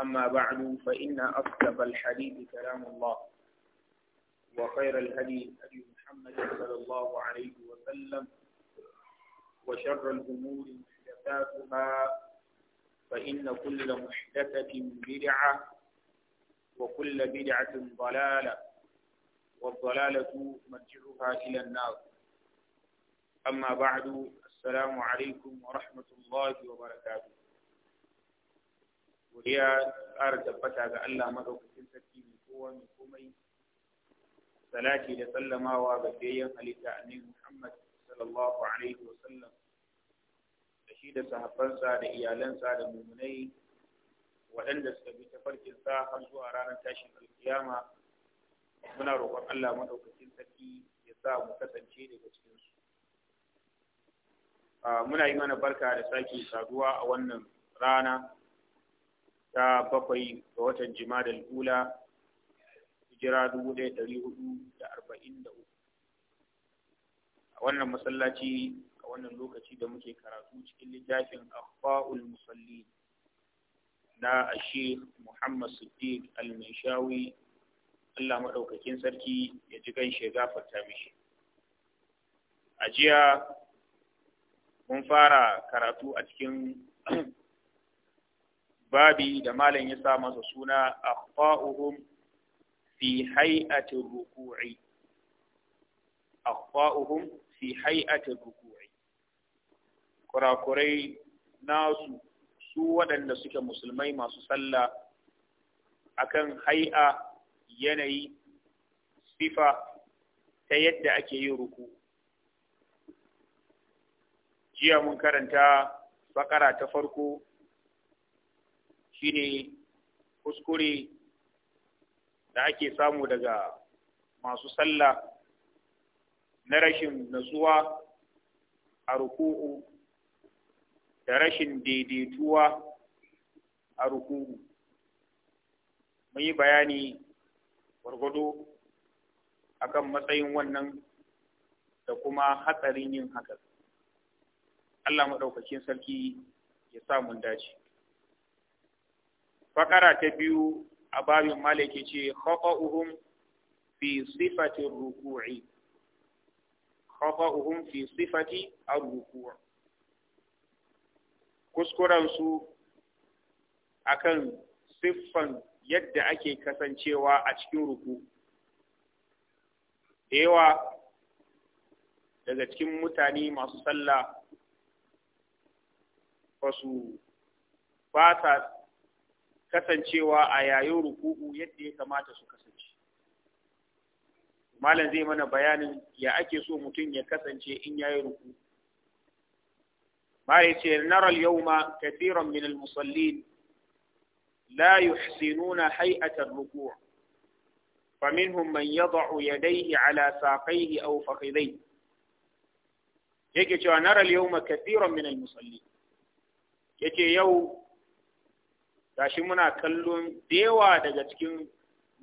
أما بعد فإن أصدق الحديث كلام الله وخير الهدي هدي محمد صلى الله عليه وسلم وشر الأمور محدثاتها فإن كل محدثة بدعة وكل بدعة ضلالة والضلالة مرجعها إلى النار أما بعد السلام عليكم ورحمة الله وبركاته godiya ƙara tabbata ga Allah madaukakin sarki mai kowa mai komai salati da sallamawa ga bayan halitta annabi Muhammad sallallahu alaihi wasallam da shi da sahabbansa da iyalansa da mumunai waɗanda suka bi tafarkin sa har zuwa ranar tashin alkiyama muna roƙon Allah madaukakin sarki ya sa mu kasance daga cikin su ah, muna yi mana barka da sake saduwa a wannan rana ta bakwai ga watan jimadal ula hijira dubu ɗaya ɗari hudu da arba'in da uku a wannan masallaci a wannan lokaci da muke karatu cikin littafin akhfaul musalli na ashe muhammad siddiq al-mishawi allah maɗaukakin sarki ya ji gan shiga gafarta mishi a jiya mun fara karatu a cikin babi da malam ya sa masa suna fa’uhun fi hay'ati ruku'i fa’uhun fi hay'ati ruku'i kurakurai nasu su waɗanda suke musulmai masu sallah akan hai'a yanayi sifa ta yadda ake yin ruku jiya mun karanta bakara ta farko ne kuskure da ake samu daga masu sallah na rashin nasuwa a ruku'u da rashin daidaituwa a ruku'u mun yi bayani gwargwado akan matsayin wannan da kuma hatsarin yin hakan Allah maɗaukakin sarki ya sa mun dace fakara ta biyu a babin malaki ce khata'uhum fi sifati ruku'i khata'uhum fi sifati ar-ruku' kuskuren su akan siffan yadda ake kasancewa a cikin ruku yawa daga cikin mutane masu sallah ba su ba kasancewa a yayin ruku'u yadda ya kamata su kasance malam zai mana bayanin ya ake so mutum ya kasance in yayi ruku'u ما نرى اليوم كثيرا من المصلين لا يحسنون هيئة الركوع فمنهم من يضع يديه على ساقيه أو فخذيه yake cewa nara yawma kathiran min al-musallin yake yau gashi muna kallon dewa daga cikin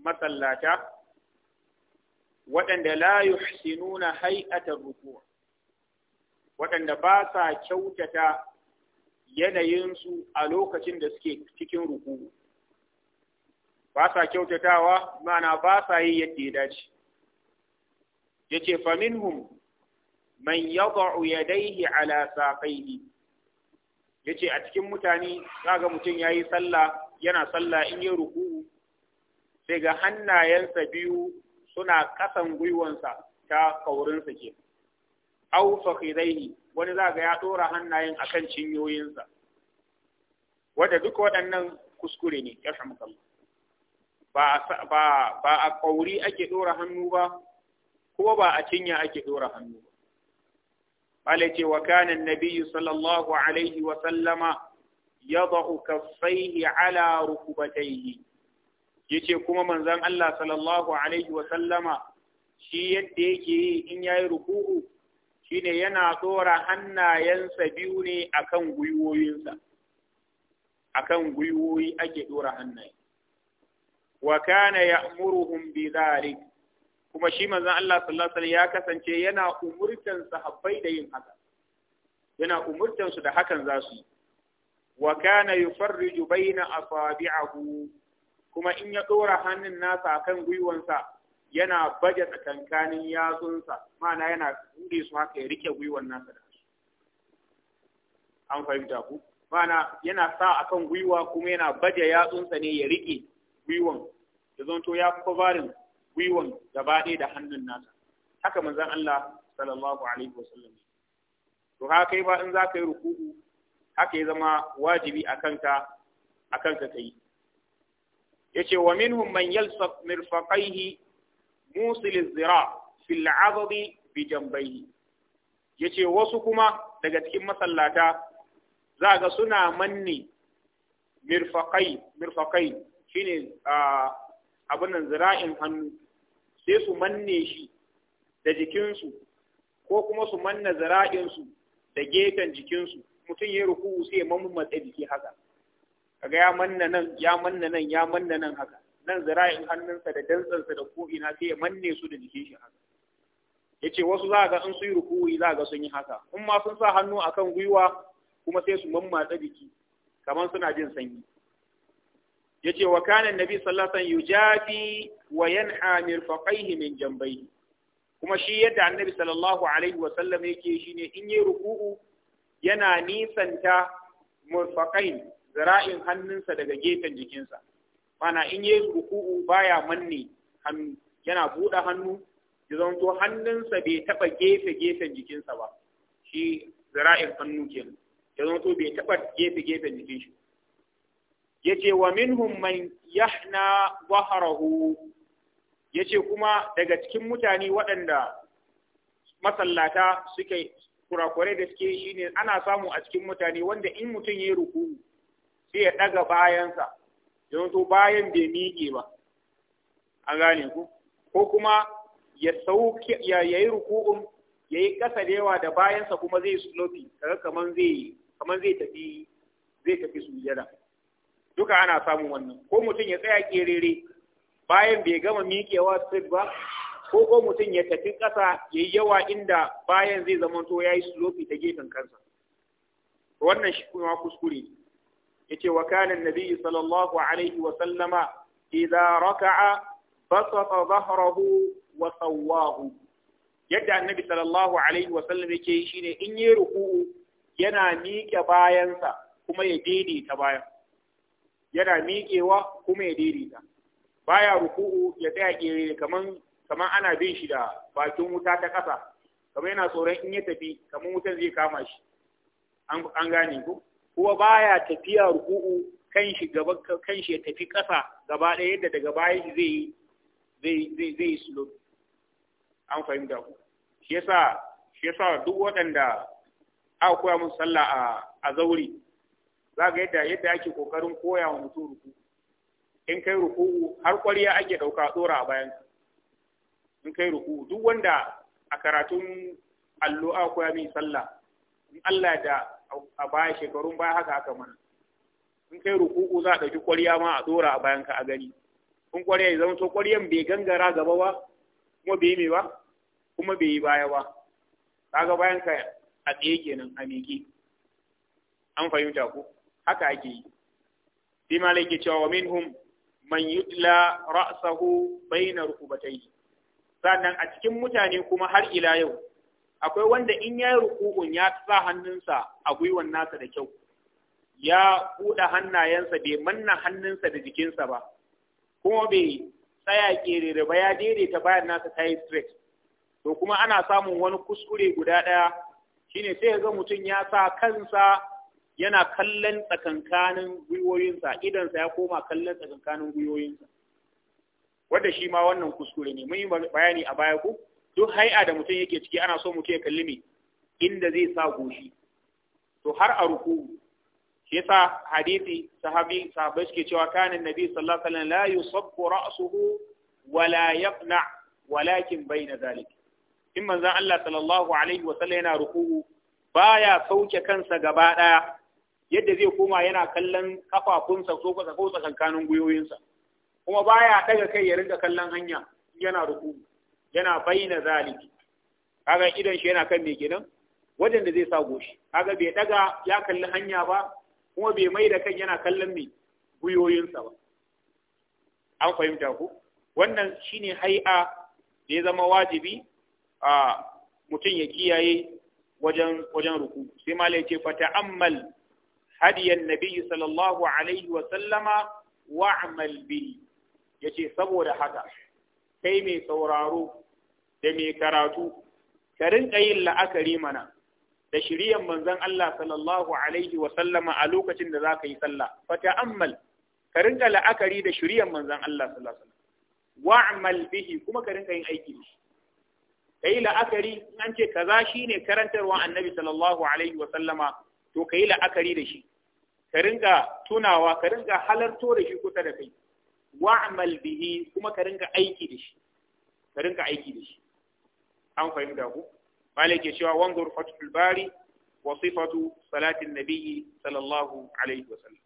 masallata waɗanda la nuna hay'atar ruku' waɗanda ba sa kyautata yanayinsu a lokacin da suke cikin ruku ba sa kyautatawa mana ba sa yi yadda ya dace yace faminhum man yad'u yadayhi ala saqayhi ya ce a cikin mutane ga mutum ya yi sallah yana sallah in yi ruku sai ga hannayensa biyu suna kasan gwiwansa ta kaurinsa ke au fakhidaihi wani za ga ya dora hannayen akan cinyoyinsa wanda duk waɗannan kuskure ne ya samu ba ba ba a kauri ake dora hannu ba ko ba a cinya ake dora hannu ba قال وكان النبي صلى الله عليه وسلم يضع كفيه على ركبتيه yace kuma manzon Allah sallallahu alaihi wa sallama shi yadda yake yi in yayi ruku'u shine yana tsora hannayensa biyu ne akan gwiwoyinsa akan gwiwoyi ake dora hannaye wa kana ya'muruhum bi dhalik kuma shi manzon Allah sallallahu alaihi ya kasance yana umurtan sahabbai da yin haka yana umurtan su da hakan za su yi wa kana yufarriju baina asabi'ahu kuma in ya dora hannun nasa akan gwiwansa yana baje tsakankanin yatsunsa ma'ana yana kure su haka ya rike gwiwan nasa da an fahimta ku ma'ana yana sa akan gwiwa kuma yana baje yatsunsa ne ya rike gwiwan ya zonto ya kovarin gwiwan gaba ɗaya da hannun nasa haka manzon Allah sallallahu alaihi wasallam to haka kai ba in za ka yi ruku'u haka ya zama wajibi a kanka a kanka Ya ce wa minhum man yalsaq mirfaqaihi musil zira fil 'adadi bi Ya yace wasu kuma daga cikin masallata za ga suna manne mirfaqai mirfaqai shine ah, Abinan zira'in hannu sai su manne shi da jikinsu ko kuma su manna zira'insu da gefen jikinsu mutum ya ruku sai ya mammatsa jiki haka kaga ya manna nan ya manna nan ya manna nan haka nan zira'in hannunsa da dantsansa da ko'ina sai ya manne su da jikin shi haka yace wasu za ga in su yi ruku'i za ga sun yi haka in ma sun sa hannu akan gwiwa kuma sai su mammatsa jiki kamar suna jin sanyi yace wa kana annabi sallallahu alaihi wasallam yujafi wa yanha mirfaqaihi min Jambai. kuma shi yadda annabi sallallahu alaihi wasallam yake shi ne in yi ruku'u yana nisanta murfaqain zira'in hannunsa daga gefen jikinsa mana in yi ruku'u baya manne hannu yana buɗe hannu ya zanto hannunsa bai taɓa gefe gefen jikinsa ba shi zira'in hannu kenan ya zanto bai taɓa gefe gefen jikinsa. yace wa minhum man yahna Ya yace kuma daga cikin mutane waɗanda masallata suke kurakurai da suke shine ana samu a cikin mutane wanda in mutum ya ruku sai ya daga bayansa don to bayan bai miƙe ba an gane ku ko kuma ya sauke ya yi ruku'un yayi yi ƙasa da yawa da bayansa kuma zai slofi kaga kaman zai kaman zai tafi zai tafi sujada duka ana samun wannan ko mutum ya tsaya kerere bayan bai gama miƙewa straight ba ko ko mutum ya tafi ƙasa ya yi yawa inda bayan zai zamanto ya yi slope ta gefen kansa wannan shi kuma kuskure ne yace wa kana nabi sallallahu alaihi wa sallama idza raka'a basata dhahrahu wa sawahu yadda annabi sallallahu alaihi wa sallam yake shine in yi ruku'u yana miƙe bayansa kuma ya ta bayan yana miƙewa kuma ya daidaita baya ruku'u ya tsaya kere kaman kaman ana bin shi da bakin wuta ta ƙasa kamar yana tsoron in ya tafi kaman wutar zai kama shi an gane ku kuma baya tafiya ruku'u kan shi gaba kan shi ya tafi ƙasa gaba ɗaya yadda daga baya shi zai zai zai slow an fahimta ku shi yasa shi yasa duk waɗanda aka koya musu sallah a a zauri za ga yadda yadda ake kokarin koya wa mutum ruku in kai ruku har kwariya ake dauka tsora a bayan in kai ruku duk wanda a karatun allo a koya min sallah in Allah da a baya shekarun baya haka haka mana in kai ruku za a ɗauki kwariya ma a tsora a bayan ka a gani in kwariya ya zama to kwariyan bai gangara gaba ba kuma bai yi ba kuma bai yi baya ba kaga bayan ka a tsaye kenan a miƙe an fahimta ko haka ake yi bi malai ke cewa minhum man yutla ra'sahu bayna rukubatayhi sannan a cikin mutane kuma har ila yau akwai wanda in yayi ruku'un ya sa hannunsa a gwiwan nasa da kyau ya kuda hannayensa bai manna hannunsa da jikinsa ba kuma bai tsaya kerere ba ya daidaita bayan nasa ta yi to kuma ana samun wani kuskure guda ɗaya shine sai ga mutum ya sa kansa yana kallon tsakankanin gwiwoyinsa idansa ya koma kallon tsakankanin gwiwoyinsa wanda shi ma wannan kuskure ne mun yi bayani a baya ko duk hai'a da mutum yake ciki ana so mutum ya kalli me inda zai sa goshi to har a ruku shi yasa hadisi sahabi sahabbai suke cewa kana nabi sallallahu alaihi wasallam la yusabbu ra'suhu yaqna walakin zalik in manzon Allah sallallahu alaihi wasallam yana ruku baya sauke kansa gaba daya yadda zai koma yana kallon kafafunsa ko ko tsakankanin gwiwoyinsa kuma baya daga kai ya rinka kallon hanya yana ruku yana bayyana zaliki kaga idan shi yana kan me kenan wajen da zai sa goshi kaga bai daga ya kalli hanya ba kuma bai mai da kai yana kallon me gwiwoyinsa ba an fahimta ku wannan shine hai'a da ya zama wajibi a mutum ya kiyaye wajen wajen ruku sai malai ce fa Hadiyan nabi sallallahu alaihi wa sallama wa yace saboda haka kai mai sauraro da mai karatu ka rinka la'akari mana da shiriyan manzon Allah sallallahu alaihi wa sallama a lokacin da zakayi yi sallah fa ta'ammal ka rinka la'akari da shiriyan manzon Allah sallallahu alaihi kuma ka rinka yin aiki kai la'akari in an ce kaza shine karantarwa annabi sallallahu alaihi wa to kayi la'akari da shi ka rinka tunawa ka rinka halarto da shi kusa da kai wa'mal bihi kuma ka rinka aiki da shi ka rinka aiki da shi an fahimta ku malike ya cewa wanzur fatul bari wa sifatu salatin nabiyyi sallallahu alaihi wa sallam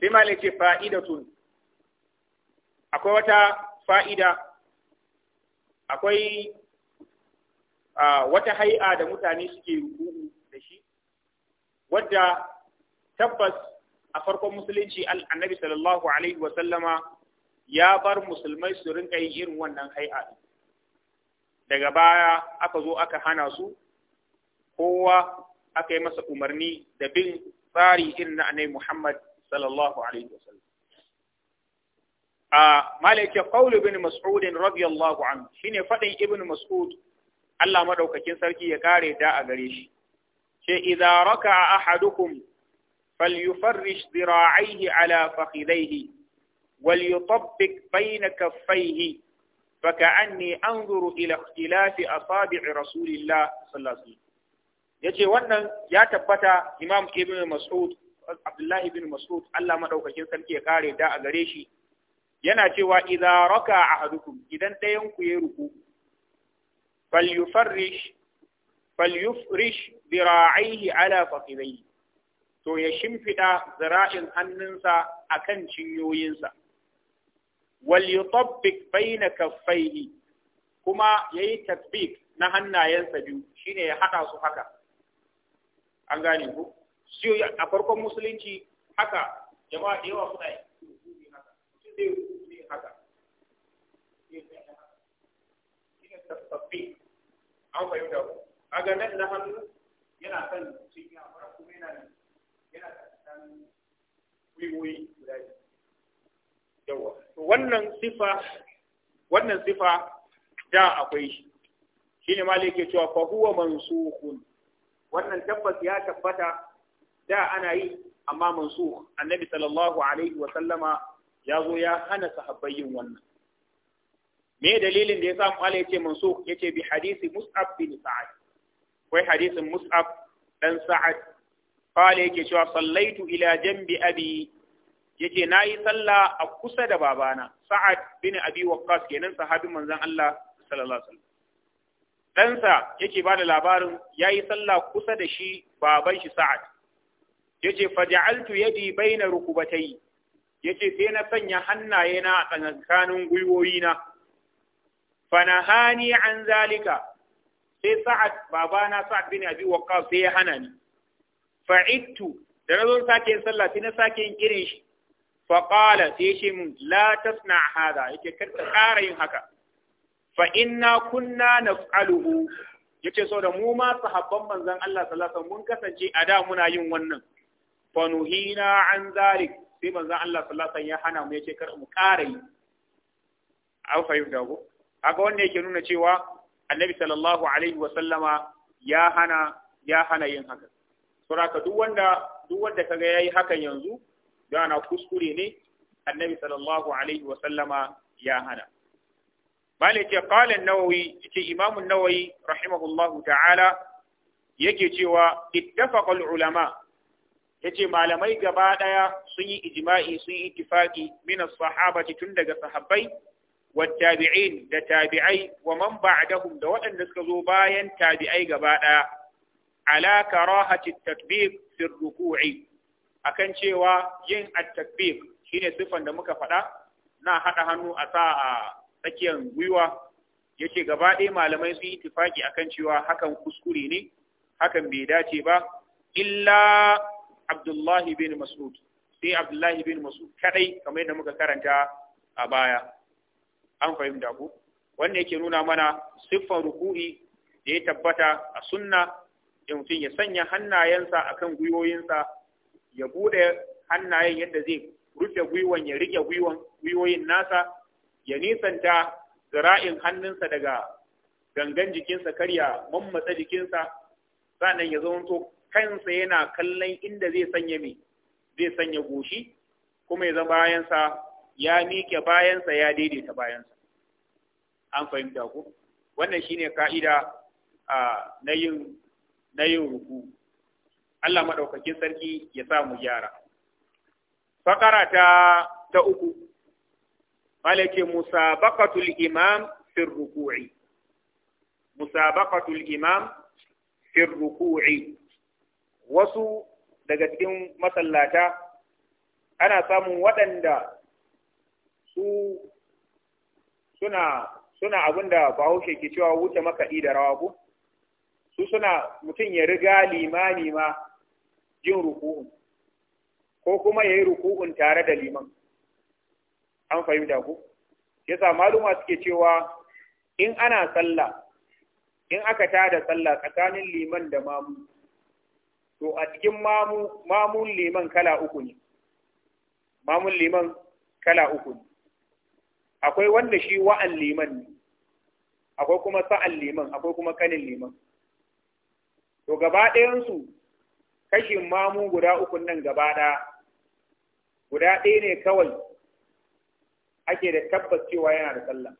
sai malike ce fa'idatun akwai wata fa'ida akwai ah, wata hai'a da mutane suke ruku'u da shi wadda tabbas a farkon musulunci annabi sallallahu alaihi wa sallama ya bar musulmai su rinka yin irin wannan hai'a daga baya aka zo aka hana su kowa aka yi masa umarni da bin tsari irin na annabi Muhammad sallallahu alaihi wa sallam a malaka qaul ibn mas'ud radiyallahu anhu shine fadin ibn mas'ud Allah madaukakin sarki ya kare da a gare shi ce idza raka'a ahadukum فليفرش ذراعيه على فخذيه وليطبق بين كفيه فكأني أنظر إلى اختلاف أصابع رسول الله صلى الله عليه وسلم yace wannan ya tabbata Imam Ibn Mas'ud Abdullah ibn Mas'ud Allah madaukakin sarki ya kare da a gare shi yana cewa idza raka ahadukum idan ɗayan ku ya ruku falyufarrish falyufrish dira'aihi ala faqidayhi to ya shimfiɗa zira'in hannunsa a kan cinyoyinsa. Wal bai na kaffaihi kuma ya yi tasbik na hannayensa biyu shine ya haɗa su haka. An gane ku? A farkon musulunci haka jama'a da yawa suna yi haka. Zai haka. A nan na hannu yana kan cinya kuma yana da yana wannan sifa da akwai shi shine malik yake cewa fa huwa mansukhun wannan tabbas ya tabbata da ana yi amma mansukh annabi sallallahu alaihi wa sallama ya zo ya hana sahabbai wannan me dalilin da ya ce malik yace mansukh yace bi hadisi mus'ab bin sa'ad wai hadisin mus'ab dan sa'ad Fale yake cewa sallaitu ila jambi abi na yi sallah a kusa da babana sa'ad bin abi waqqas kenan sahabin manzon Allah sallallahu alaihi wasallam ɗansa yake ba da labarin ya yi sallah kusa da shi baban shi sa'ad ya ce faja'altu yadi baina rukubatai ya ce sai na sanya hannaye na a tsakankanin gwiwoyina fanahani an zalika sai sa'ad babana sa'ad bin abi waqqas sai ya hana ni fa'ittu da na zo sake yin sallah sai na sake yin irin shi fa qala sai ya mun la tasna hada yake kar ka ƙara yin haka fa inna kunna naf'aluhu yace so da mu ma sahabban manzon Allah sallallahu alaihi mun kasance a da muna yin wannan fa nuhina an zalik sai manzon Allah sallallahu alaihi ya hana mu yace kar mu ƙara yi an fahimta ko haka wanda yake nuna cewa annabi sallallahu alaihi wasallama ya hana ya hana yin haka saboda duk wanda duk wanda kaga yayi hakan yanzu yana kuskure ne annabi sallallahu alaihi wa sallama ya hana malik ya qala an-nawawi yace imam an-nawawi rahimahullahu ta'ala yake cewa ittafaqa al-ulama yace malamai gaba daya sun yi ijma'i sun yi ittifaqi min as-sahabati tun daga sahabbai والتابعين da tabi'ai wa man ba'dahum da waɗanda suka zo bayan tabi'ai gaba ɗaya ala karahati takbir fi ruku'i akan cewa yin at-takbir shine sifan da muka faɗa na haɗa hannu a sa a tsakiyar gwiwa yace gaba ɗaya malamai sun yi akan cewa hakan kuskure ne hakan bai dace ba illa Abdullahi bin Mas'ud sai Abdullahi bin Mas'ud kadai kamar yadda muka karanta a baya an fahimta ku wanda yake nuna mana siffar ruku'i da ya tabbata a sunna mutum ya sanya hannayensa a kan gwiwoyinsa ya buɗe hannayen yadda zai rufe gwiwan ya riƙe gwiwoyin nasa ya nisanta zira'in hannunsa daga gangan jikinsa karya mammatsa jikinsa sannan ya zamanto kansa yana kallon inda zai sanya mai zai sanya goshi kuma ya zama bayansa ya miƙe bayansa ya daidaita bayansa an fahimta ku wannan shine ka'ida ah, na yin na yin ruku Allah maɗaukakin sarki ya sa mu gyara fakara ta ta uku Malaki musabaqatul imam fi ruku'i musabaqatul imam fi ruku'i wasu daga cikin masallata ana samun waɗanda su suna suna abin da bahaushe ke cewa wuce makaɗi da rawa ko su suna mutum ya riga limani ma jin ruku'un ko kuma ya yi ruku'un tare da liman an fahimta ku yasa maluma suke cewa in ana sallah in aka tada sallah tsakanin liman da mamu to a cikin mamu mamun liman kala uku ne mamun liman kala uku ne akwai wanda shi wa'an liman ne akwai kuma sa'an liman akwai kuma kanin liman to gaba ɗayansu kashin mamu guda ukun nan gaba ɗaya guda ɗaya ne kawai ake da tabbas cewa yana da sallah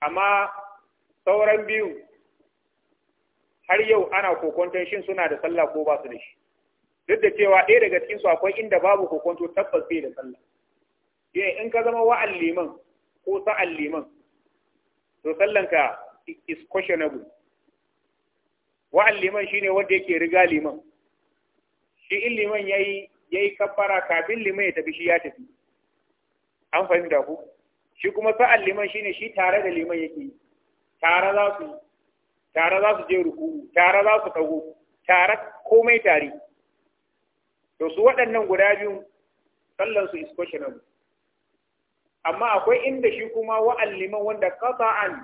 amma sauran biyu har yau ana kokonton shin suna da sallah ko ba su da shi duk da cewa ɗaya daga cikin su akwai inda babu kokonto tabbas bai da sallah shine in ka zama wa liman ko sa liman to sallanka is questionable wa'an liman shine wanda yake riga liman shi in liman yayi yayi kabbara kafin liman ya tafi shi ya tafi an fahimta ku shi kuma sa'an liman shine shi tare da liman yake tare za su tare za su je ruku tare za su tago tare komai tare to su waɗannan guda biyu sallan su is amma akwai inda shi kuma wa'an liman wanda qata'an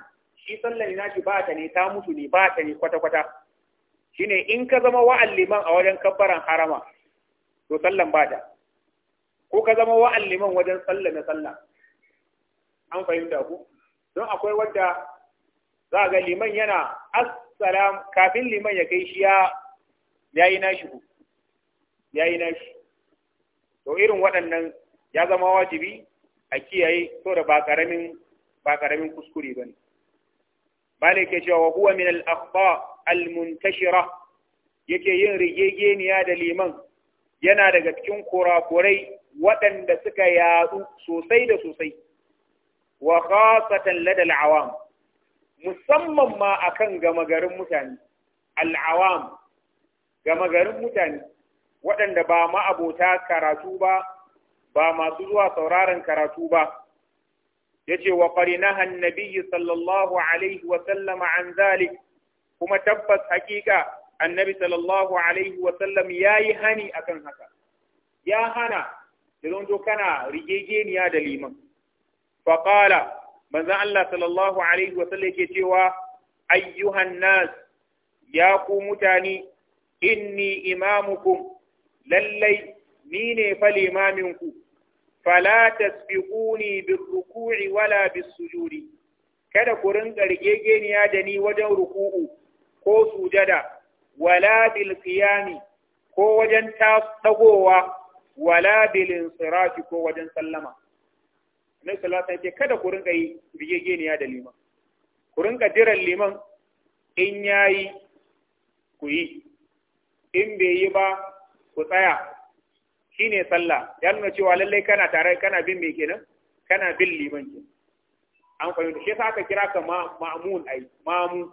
shi sallan shi ba ta ne ta mutu ne ba ta ne kwata kwata shine in ka zama wa'an liman a wajen kabbaran harama to sallan ba ta ko ka zama wa'an liman wajen sallan na sallah an fahimta ku don akwai wadda za ga liman yana assalam kafin liman ya kai shi ya yayi nashi ku ya yi nashi to irin waɗannan ya zama wajibi a kiyaye to da ba karamin ba karamin kuskure bane malik ya ce wa huwa min al-akhta al-muntashira yake yin rigegeniya da liman yana daga cikin kurakurai waɗanda suka yadu sosai da sosai wa khasatan ladal awam musamman ma akan gama garin mutane al'awam gama garin mutane waɗanda ba ma'abota karatu ba ba masu zuwa sauraron karatu ba yace wa qarinaha an-nabiy sallallahu alaihi wa sallama an zalik kuma tabbas hakika annabi sallallahu alaihi wa sallam yayi hani akan haka ya hana idan kana rigegeniya da liman faƙala qala Allah sallallahu alaihi wa sallam ke cewa ayyuhan nas ya ku mutane inni imamukum lallai ni ne fa limaminku fala tasbiquni biruku'i wala bisujudi kada ku rinka rigegeniya da ni wajen ruku'u ko sujada wala bil qiyami ko wajen tagowa wala bil ko wajen sallama ne sallallahu alaihi kada ku rinka yi bigegeniya da liman ku rinka jiran liman in yayi ku yi in bai yi ba ku tsaya shine sallah ya nuna cewa lallai kana tare kana bin me kenan kana bin liman ke. an fahimta shi sa aka kira ka ma'mun ai ma'mun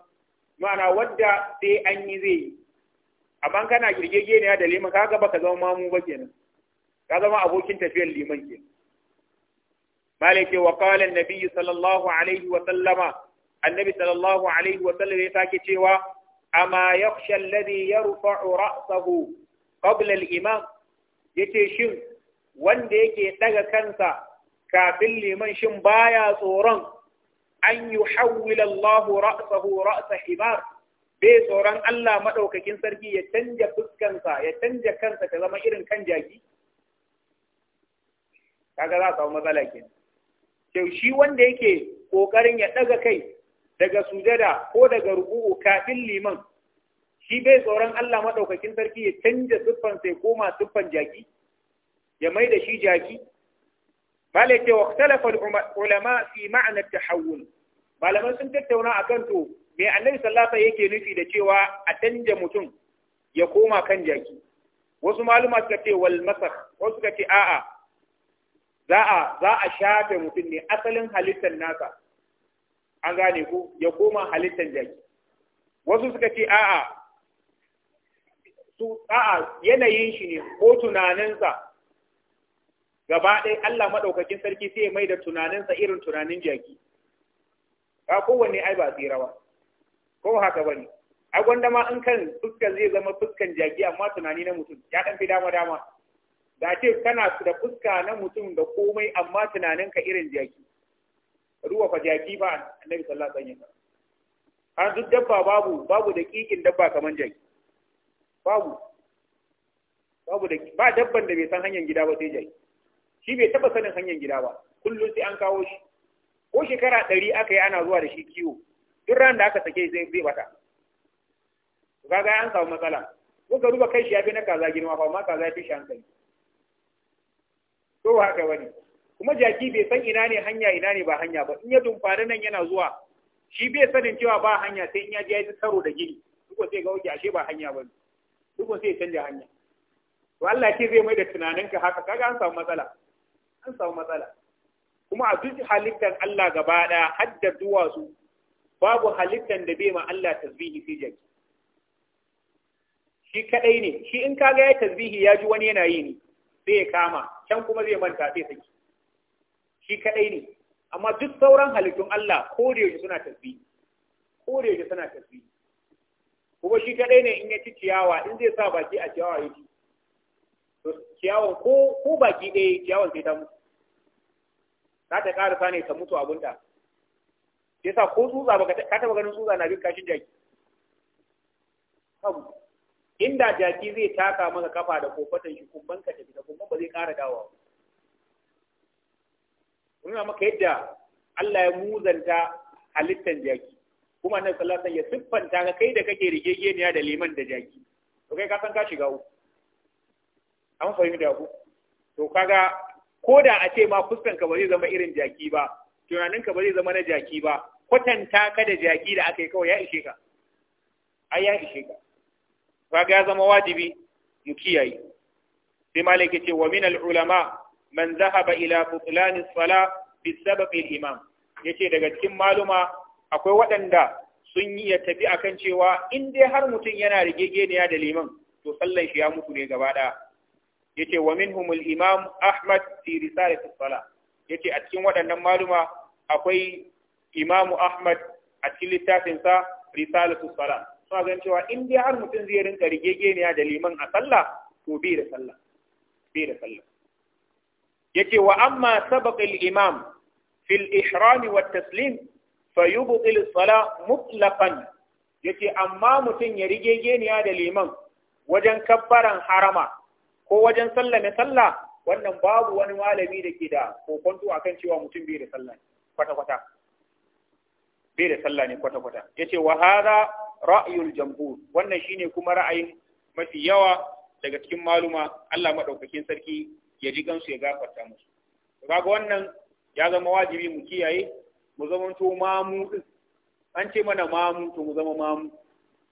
ma'ana wadda sai an yi zai yi amma kana girgegeniya da liman gaba ka zama mamu ba kenan ka zama abokin tafiyar liman ke. malike wa qala annabi sallallahu alaihi wa sallama annabi sallallahu alaihi wa sallama ya sake cewa amma yakhsha alladhi yarfa'u ra'sahu qabla al-imam yace shin wanda yake daga kansa kafin liman shin baya tsoron an yi hawwila ra'asa ra'sahu ra'sa himar bai tsoron Allah maɗaukakin sarki ya canja fuskansa ya canja kansa ta zama irin kan jaki kaga za a samu matsala ke to shi wanda yake ƙoƙarin ya ɗaga kai daga sujada ko daga rubu'u kafin liman shi bai tsoron Allah maɗaukakin sarki ya canja siffan ya koma siffan jaki ya mai da shi jaki malai ce waktalafa ulama fi ma'ana tahawul malaman sun tattauna akan to me annabi sallallahu alaihi yake nufi da cewa a canja mutum ya koma kan jaki wasu maluma suka ce wal masakh wasu suka ce a'a za a za a shafe mutum ne asalin halittar nasa an gane ku, ya koma halittar jaki wasu suka ce a'a su a'a yanayin shi ne ko tunaninsa gaba ɗaya Allah maɗaukakin sarki sai ya mai da tunaninsa irin tunanin jaki ba kowanne ai ba tsira rawa, ko haka ne. a gwanda ma in kan fuskan zai zama fuskan jaki amma tunani na mutum ya ɗan fi dama dama da ce kana da fuska na mutum da komai amma tunaninka irin jaki ruwa fa jaki ba annabi sallallahu alaihi wasallam har duk dabba babu babu da kikin dabba kamar jaki babu babu da ba dabban da bai san hanyar gida ba sai jaki shi bai taba sanin hanyar gida ba kullum sai an kawo shi ko shekara ɗari aka yi ana zuwa da shi kiwo duk ran da aka sake zai zai bata to kaga an samu matsala ka duba kai shi ya fi na kaza girma fa ma kaza ya fi shi hankali to haka wani kuma jaki bai san ina ne hanya ina ne ba hanya ba in ya dumfari nan yana zuwa shi bai sanin cewa ba hanya sai in ya je ya karo da gini duk sai ga wuce ashe ba hanya ba duk sai ya canja hanya to Allah ke zai mai da tunaninka haka kaga an samu matsala sun samu matsala kuma a duk halittar Allah gaba ɗaya hadda duwatsu babu halittar da bai ma Allah tasbihi sai jaki shi kadai ne shi in kaga ya tasbihi ya ji wani yana yi ne sai ya kama can kuma zai manta sai saki shi kadai ne amma duk sauran halittun Allah ko da yaushe suna tasbihi ko da yaushe suna tasbihi kuma shi kadai ne in ya ci ciyawa in zai sa baki a ciyawa ya ci to ciyawan ko ko baki ɗaya ciyawan sai ta mutu za ta ƙara sani ta mutu abunta Ya sa ko tsutsa ba ka taɓa ganin tsutsa na bin kashin jaki kabu inda jaki zai taka maka kafa da kofatan shi kumban ka tafi da kuma ba zai kara ba. nuna maka yadda Allah ya muzanta halittan jaki kuma nan sallallahu ya siffanta ka kai da kake rigegeniya da liman da jaki to kai ka san ka shiga uku an fahimta ku to kaga ko da a ce ma fuskanka ba zai zama irin jaki ba tunaninka ba zai zama na jaki ba kwatanta ka da jaki da aka yi kawai ya ishe ka ai ya ishe ka ba ga zama wajibi mu kiyaye sai malik ya ce wa min ulama man zahaba ila butlan as-sala bi sabab al-imam yace daga cikin maluma akwai waɗanda sun yi ya tafi akan cewa in dai har mutum yana rigegeniya da liman to sallan shi ya mutu ne gaba ɗaya yace wa minhum al-imam Ahmad fi risalat Sala. salah yace a cikin waɗannan maluma akwai Imam Ahmad a cikin littafin sa risalat as-salah suna ganin cewa in dai har mutum zai rinka rigegeniya da liman a sallah to bai da sallah bai da sallah yace wa amma sabaq al-imam fi al-ihram wa at-taslim fayubtil as-salah mutlaqan yace amma mutum ya rigegeniya da liman wajen kabbaran harama ko wajen sallame sallah wannan babu wani malami da ke da kokonto akan cewa mutum bai da sallah kwata-kwata bai da sallah ne kwata-kwata yace wa hada ra'yul jamhur wannan shine kuma ra'ayin mafi yawa daga cikin maluma Allah madaukakin sarki ya ji gansu ya gafarta musu kaga wannan ya zama wajibi mu kiyaye mu to mamu an ce mana mamu to mu zama mamu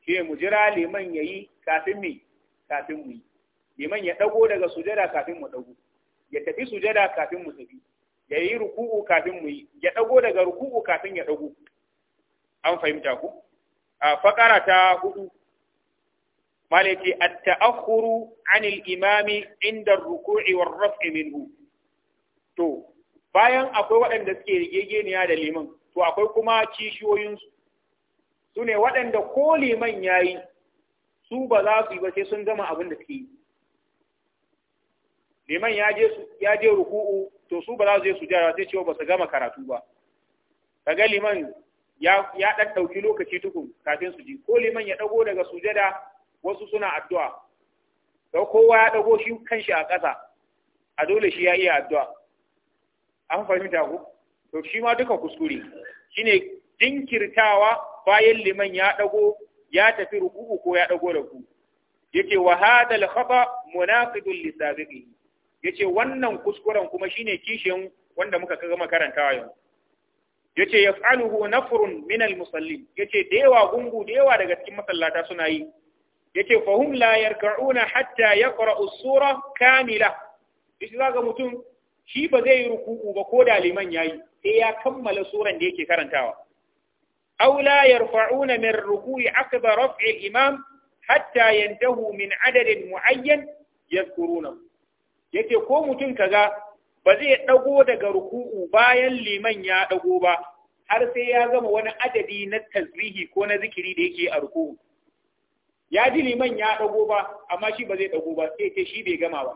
shi mu jira liman yayi kafin me kafin mu yi liman ya dago daga sujada kafin mu dago ya tafi sujada kafin mu tafi ya yi ruku'u kafin mu yi ya dago daga ruku'u kafin ya dago an fahimta ku a fakara ta hudu maliki at-ta'akhkhuru 'anil imami 'inda ar-ruku'i war-raf'i minhu to bayan akwai waɗanda suke rigegeniya da liman to akwai kuma kishiyoyinsu su ne waɗanda ko liman ya yi su ba za su yi ba sai sun gama abin da suke yi liman ya je ya je ruku'u to su ba za su je su sujada sai cewa ba su gama karatu ba kaga liman ya ya dan dauki lokaci tukun kafin su ji ko liman ya dago daga sujada wasu suna addu'a to kowa ya dago shi kanshi a ƙasa a dole shi ya iya addu'a an fahimta ku to shi ma duka kuskure shine jinkirtawa bayan liman ya dago ya tafi ruku'u ko ya dago da ku yake wa hadal khata munaqidul li yace wannan kuskuren kuma shine kishin wanda muka kaga makarantawa yau yace yaf'aluhu nafrun min al-musallin yace da yawa gungu da yawa daga cikin masallata suna yi yace fahum la yarka'una hatta yaqra'u sura kamila shi zaga mutum shi ba zai yi ruku'u ba ko da liman yayi sai ya kammala suran da yake karantawa aw la yarfa'una min ruku'i akbar raf'i al-imam hatta yantahu min adadin mu'ayyan yadhkuruna yace ko mutum kaga ba zai dago daga ruku'u bayan liman ya dago ba har sai ya gama wani adadi na tasbihi ko na zikiri da yake a ruku'u ya ji liman ya dago ba amma shi ba zai dago ba sai ce shi bai gama ba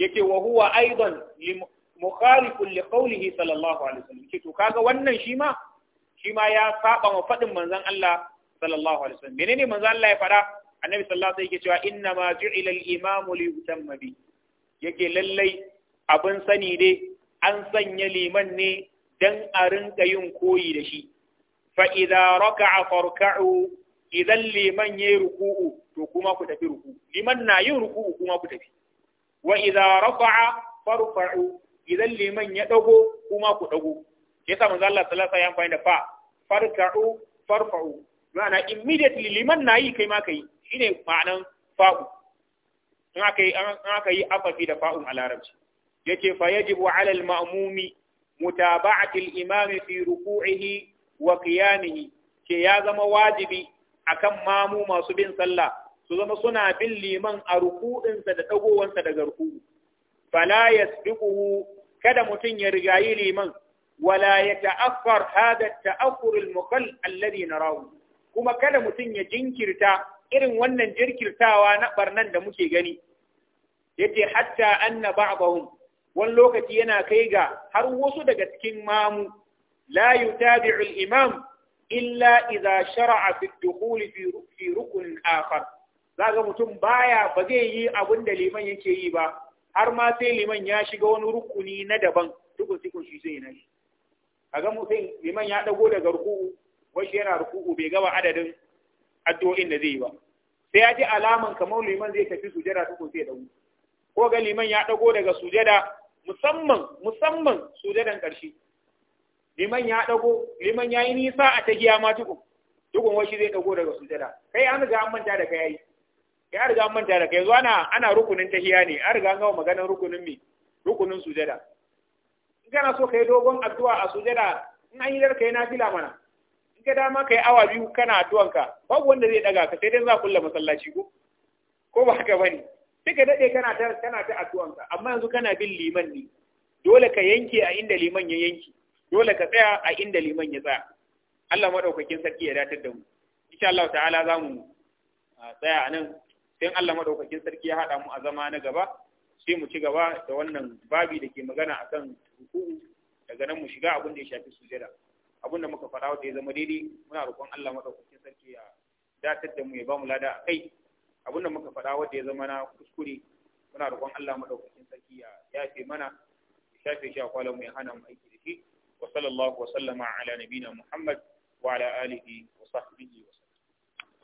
yake wa huwa aidan mukhalifun li qawlihi sallallahu alaihi wasallam yake to kaga wannan shi ma shi ma ya saba wa fadin manzon Allah sallallahu alaihi wasallam menene manzon Allah ya fada annabi sallallahu alaihi wasallam yake cewa inna ma ju'ila al imam li yutamma bi yake lallai abin sani dai an sanya liman ne dan a rinka yin koyi da shi fa idza raka'a farka'u idan liman yayi ruku'u to kuma ku tafi ruku'u liman na yin ruku'u kuma ku tafi wa idza rafa'a farfa'u idan liman ya dago kuma ku dago yasa manzo Allah sallallahu alaihi wasallam ya amfani da fa farka'u farfa'u ma'ana immediately liman na yi kai ma kai shine ma'anan fa'u in aka yi an aka yi afafi da fa'un a larabci yace fa yajibu 'ala al-ma'mumi mutaba'ati al-imami fi ruku'ihi wa qiyamihi ke ya zama wajibi akan mamu masu bin sallah su zama suna bin liman a ruku'insa da dagowansa daga ruku'u fala yasbiquhu kada mutum ya rigayi liman wala yata'affar hada at-ta'akhur al-muqall alladhi narahu kuma kada mutum ya jinkirta irin wannan jirkirtawa na barnan da muke gani yace hatta anna wani lokaci yana kai ga har wasu daga cikin mamu la yutabi'u al-imam illa iza shara'a fi dukhul fi rukun akhar zaga mutum baya ba zai yi abin da liman yake yi ba har ma sai liman ya shiga wani rukuni na daban tukun tukun shi zai na shi kaga mutum liman ya dago daga ruku'u wasu yana ruku'u bai gaba adadin addu'o'in da zai yi ba sai ya ji alaman kamar liman zai tafi sujada duk sai ya dago ko ga liman ya dago daga sujada musamman musamman sujadan karshe liman ya dago liman yayi nisa a ta giya ma tukun duk wai shi zai dago daga sujada kai an ga an manta da kai yayi kai an ga an manta da kai yanzu ana ana rukunin tahiya ne an riga an gama maganar rukunin me rukunin sujada in kana so kai dogon addu'a a sujada in an yi darka yana fila mana ka dama yi awa biyu kana addu'anka babu wanda zai daga ka sai dai za kulla masallaci ko ko ba haka bane sai ka dade kana ta kana ta addu'anka amma yanzu kana bin liman ne dole ka yanke a inda liman ya yanki dole ka tsaya a inda liman ya tsaya Allah madaukakin sarki ya datar da mu insha Allah ta'ala za mu tsaya a nan sai Allah madaukakin sarki ya haɗa mu a zama na gaba sai mu ci gaba da wannan babi da ke magana akan ruku'u daga nan mu shiga abin da ya shafi sujada abin da muka faɗa wanda ya zama daidai muna roƙon Allah madaukakin sarki ya datar da mu ya ba mu lada a kai abin da muka faɗa wanda ya zama na kuskure muna roƙon Allah madaukakin sarki ya yafe mana ya shafe shi a kwalan mu ya hana mu aiki da shi wa sallallahu wa sallama ala nabina Muhammad wa ala alihi wa sahbihi wa